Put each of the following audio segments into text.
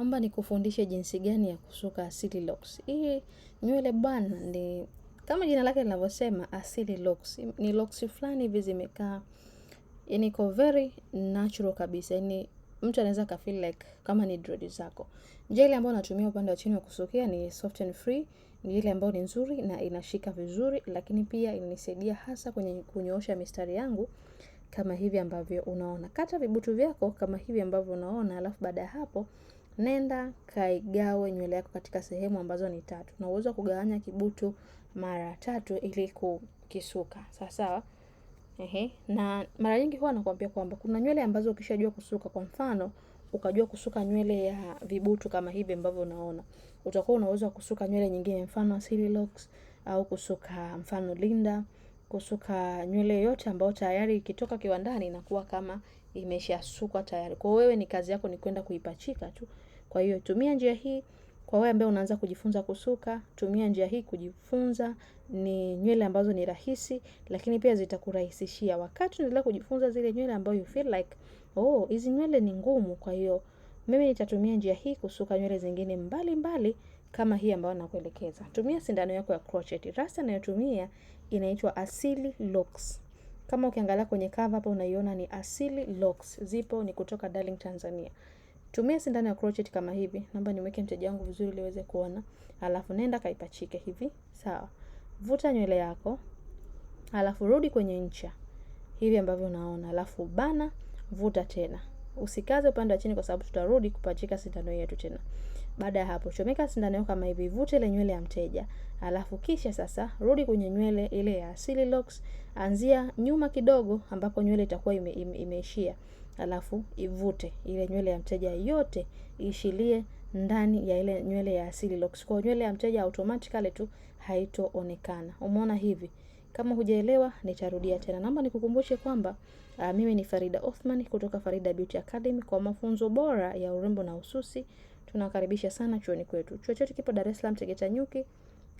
naomba nikufundishe jinsi gani ya kusuka Asili Locks. Hii nywele bana ni kama jina lake linavyosema Asili Locks. Ni locks fulani hivi zimekaa yani iko very natural kabisa. Yani mtu anaweza ka feel like kama ni dread zako. ile ambayo natumia upande wa chini wa kusukia ni Soft and Free, ni ile ambayo ni nzuri na inashika vizuri, lakini pia inanisaidia hasa kwenye kunyoosha mistari yangu kama hivi ambavyo unaona. Kata vibutu vyako kama hivi ambavyo unaona, alafu baada ya hapo nenda kaigawe nywele yako katika sehemu ambazo ni tatu. Na uwezo wa kugawanya kibutu mara tatu ili kukisuka sawa sawa. Ehe, na mara nyingi huwa nakwambia kwamba kuna nywele ambazo ukishajua kusuka, kwa mfano ukajua kusuka nywele ya vibutu kama hivi ambavyo unaona, utakuwa una uwezo wa kusuka nywele nyingine, mfano silly locks au kusuka mfano Linda, kusuka nywele yote ambayo tayari ikitoka kiwandani inakuwa kama imeshasukwa tayari. Kwa wewe ni kazi yako ni kwenda kuipachika tu. Kwa hiyo tumia njia hii kwa wewe ambaye unaanza kujifunza kusuka, tumia njia hii kujifunza ni nywele ambazo ni rahisi lakini pia zitakurahisishia. Wakati unaendelea kujifunza zile nywele ambayo you feel like, oh, hizi nywele ni ngumu kwa hiyo mimi nitatumia njia hii kusuka nywele zingine mbali mbali kama hii ambayo nakuelekeza. Tumia sindano yako ya crochet. Rasta ninayotumia inaitwa Asili Locks. Kama ukiangalia kwenye cover hapa unaiona ni Asili Locks. Zipo ni kutoka Darling Tanzania. Tumia sindano ya crochet kama hivi. Naomba niweke mteja wangu vizuri ili aweze kuona. Alafu nenda kaipachike hivi. Sawa. Vuta nywele yako. Alafu rudi kwenye ncha. Hivi ambavyo unaona. Alafu bana, vuta tena. Usikaze upande wa chini kwa sababu tutarudi kupachika sindano yetu tena. Baada ya hapo, chomeka sindano yako kama hivi, vute ile nywele ya mteja. Alafu kisha sasa rudi kwenye nywele ile ya asili locks, anzia nyuma kidogo ambapo nywele itakuwa imeishia Ime, ime alafu ivute ile nywele ya mteja yote ishilie ndani ya ile nywele ya asili locks. Kwa nywele ya mteja automatically tu haitoonekana. Umeona hivi? Kama hujaelewa nitarudia tena. Naomba nikukumbushe kwamba uh, mimi ni Farida Othman kutoka Farida Beauty Academy kwa mafunzo bora ya urembo na ususi. Tunakaribisha sana chuoni kwetu. Chuo chetu kipo Dar es Salaam Tegeta Nyuki.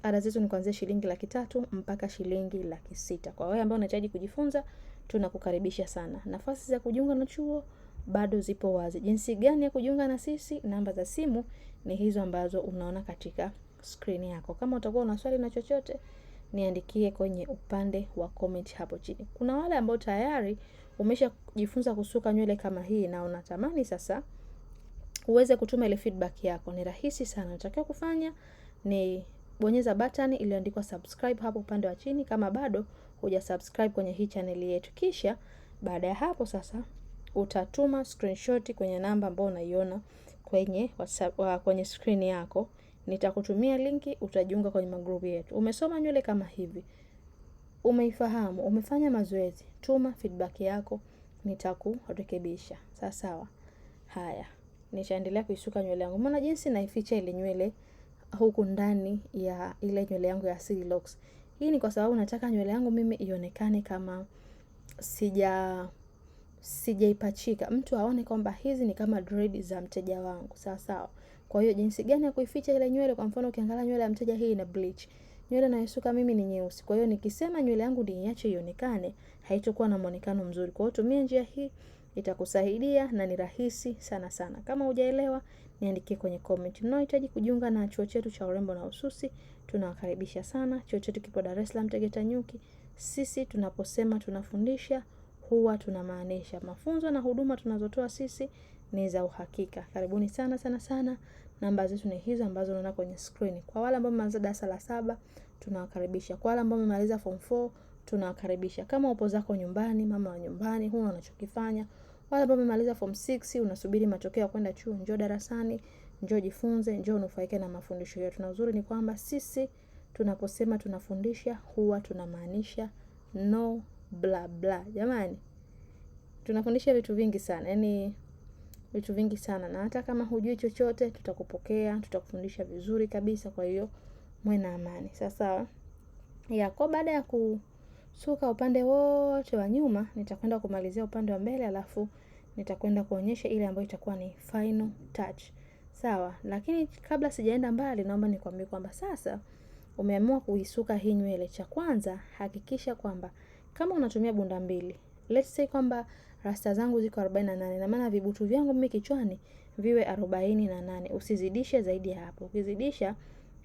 Ada zetu ni kuanzia shilingi laki tatu mpaka shilingi laki sita. Kwa wewe ambao unahitaji kujifunza tunakukaribisha sana. Nafasi za kujiunga na chuo bado zipo wazi. Jinsi gani ya kujiunga na sisi? Namba za simu ni hizo ambazo unaona katika skrini yako. Kama utakuwa una swali na chochote, niandikie kwenye upande wa comment hapo chini. Kuna wale ambao tayari umeshajifunza kusuka nywele kama hii na unatamani sasa uweze kutuma ile feedback yako. Ni rahisi sana. Unatakiwa kufanya ni bonyeza button iliyoandikwa subscribe hapo upande wa chini. Kama bado huja subscribe kwenye hii chaneli yetu. Kisha baada ya hapo sasa utatuma screenshot kwenye namba ambayo unaiona kwenye WhatsApp, kwenye screen yako. Nitakutumia linki, utajiunga kwenye magrupu yetu. Umesoma nywele kama hivi, umeifahamu, umefanya mazoezi, tuma feedback yako, nitakurekebisha sawa sawa. Haya, nitaendelea kuisuka nywele yangu, maana jinsi naificha ile nywele huku ndani ya ile nywele yangu ya asili locks. Hii ni kwa sababu nataka nywele yangu mimi ionekane kama sija sijaipachika, mtu aone kwamba hizi ni kama dread za mteja wangu, sawa sawa. Kwa hiyo jinsi gani ya kuificha ile nywele? Kwa mfano ukiangalia nywele ya mteja hii ina bleach, nywele nayosuka mimi ni nyeusi. Kwa hiyo nikisema nywele yangu niiache ionekane, haitokuwa na muonekano mzuri. Kwa hiyo tumia njia hii itakusaidia na ni rahisi sana sana. Kama hujaelewa, niandikie kwenye comment. Mnaohitaji kujiunga na chuo chetu cha urembo na ususi, tunawakaribisha sana. Chuo chetu kipo Dar es Salaam Tegeta Nyuki. Sisi tunaposema tunafundisha huwa tunamaanisha. Mafunzo na huduma tunazotoa sisi ni za uhakika. Karibuni sana sana sana. Namba zetu ni hizo ambazo unaona kwenye screen. Kwa wale ambao mmaliza darasa la saba tunawakaribisha. Kwa wale ambao mmemaliza form 4 tunawakaribisha. Kama upo zako nyumbani, mama wa nyumbani, huna unachokifanya, wala ambao umemaliza form 6 unasubiri matokeo ya kwenda chuo, njoo darasani, njoo jifunze, njoo unufaike na mafundisho yetu. Na uzuri ni kwamba sisi tunaposema tunafundisha huwa tunamaanisha no bla bla. Jamani, tunafundisha vitu vingi sana, yani vitu vingi sana, na hata kama hujui chochote, tutakupokea tutakufundisha vizuri kabisa. Kwa hiyo mwe na amani, Sasa Yako baada ya ku Suka upande wote wa nyuma, nitakwenda kumalizia upande wa mbele alafu nitakwenda kuonyesha ile ambayo itakuwa ni final touch. Sawa, lakini kabla sijaenda mbali naomba nikwambie kwamba sasa umeamua kuisuka hii nywele. Cha kwanza hakikisha kwamba kama unatumia bunda mbili, let's say kwamba rasta zangu ziko 48 na maana vibutu vyangu mimi kichwani viwe 48. Usizidishe zaidi ya hapo. Ukizidisha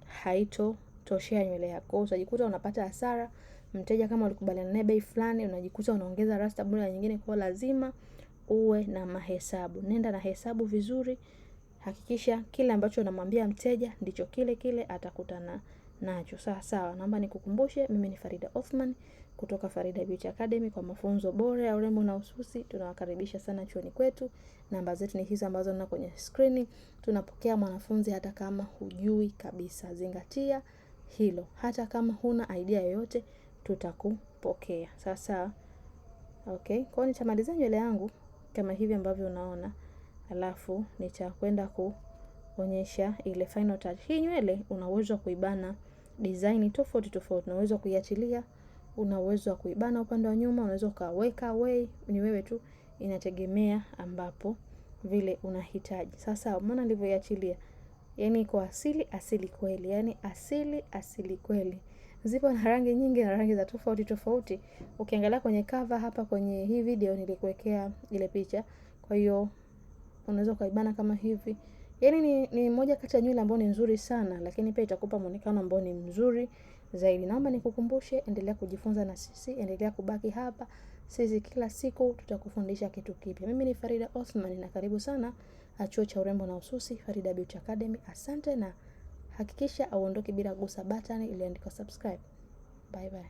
haitotoshea nywele yako. Utajikuta unapata hasara mteja kama ulikubaliana naye bei fulani, unajikuta unaongeza rasta bora nyingine. Kwa lazima uwe na mahesabu, nenda na hesabu vizuri, hakikisha kile ambacho unamwambia mteja ndicho kile kile atakutana nacho. Sawa sawa, naomba nikukumbushe, mimi ni Farida Othman kutoka Farida Beauty Academy. Kwa mafunzo bora ya urembo na ususi, tunawakaribisha sana chuoni kwetu. Namba zetu ni hizo ambazo naona kwenye skrini. Tunapokea mwanafunzi hata kama hujui kabisa, zingatia hilo. Hata kama huna idea yoyote tutakupokea. Sasa okay, kwa hiyo nitamaliza nywele yangu kama hivi ambavyo unaona, alafu nitakwenda kuonyesha ile final touch. Hii nywele una uwezo wa kuibana design tofauti tofauti, una uwezo kuiachilia, una uwezo wa kuibana upande wa nyuma, unaweza ukaweka way, ni wewe tu, inategemea ambapo vile unahitaji. Sasa umeona nilivyoiachilia, yani iko asili asili kweli, yani asili asili kweli zipo na rangi nyingi na rangi za tofauti tofauti. Ukiangalia kwenye cover hapa kwenye hii video nilikuwekea ile picha, kwa hiyo unaweza ukaibana kama hivi. Yani ni, ni moja kati ya nywele ambayo ni nzuri sana, lakini pia itakupa muonekano ambao ni mzuri zaidi. Naomba nikukumbushe, endelea kujifunza na sisi, endelea kubaki hapa. Sisi kila siku tutakufundisha kitu kipya. Mimi ni Farida Osman na karibu sana Chuo cha Urembo na Ususi Farida Beauty Academy. Asante na Hakikisha auondoki bila kugusa button iliyoandikwa subscribe. Bye bye.